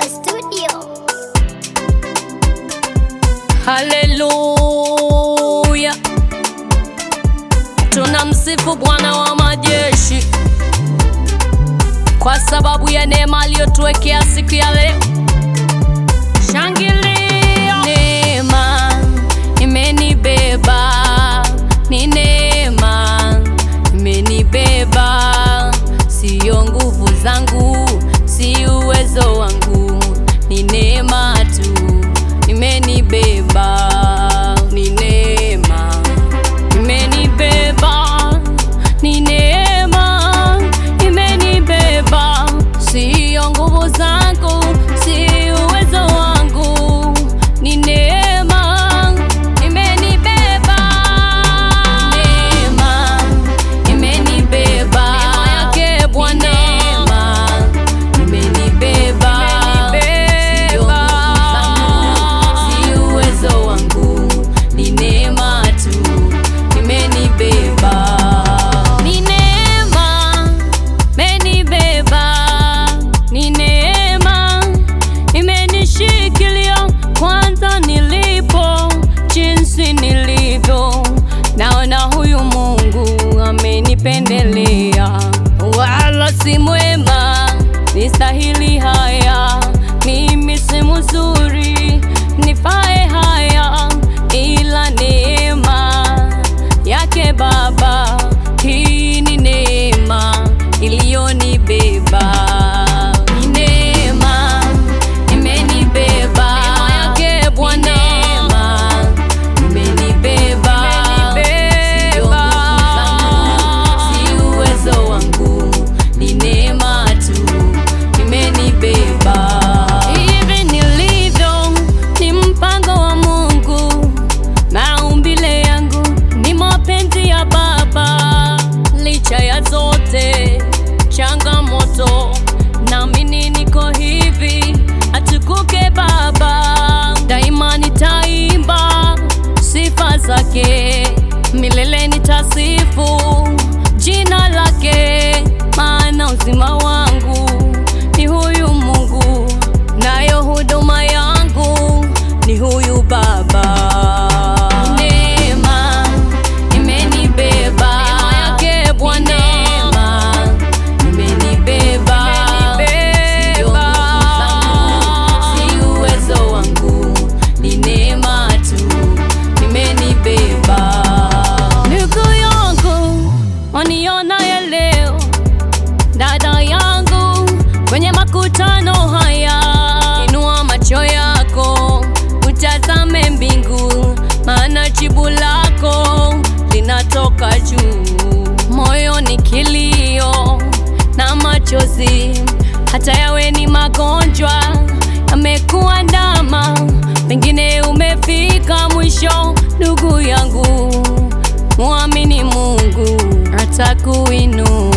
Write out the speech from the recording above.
the studio. Haleluya, tunamsifu Bwana wa majeshi kwa sababu ya neema aliyotuwekea siku ya leo. Shangilia, neema imenibeba, ni neema imenibeba, siyo nguvu zangu, si uwezo wangu ni neema tu, imenibeba umenipendelea, wala si mwema, nistahili haya, mimi si mzuri nifai I ya zona jibu lako linatoka juu, moyo ni kilio na machozi, hata yawe ni magonjwa ndama pengine umefika mwisho. Ndugu yangu, muamini Mungu atakuinua.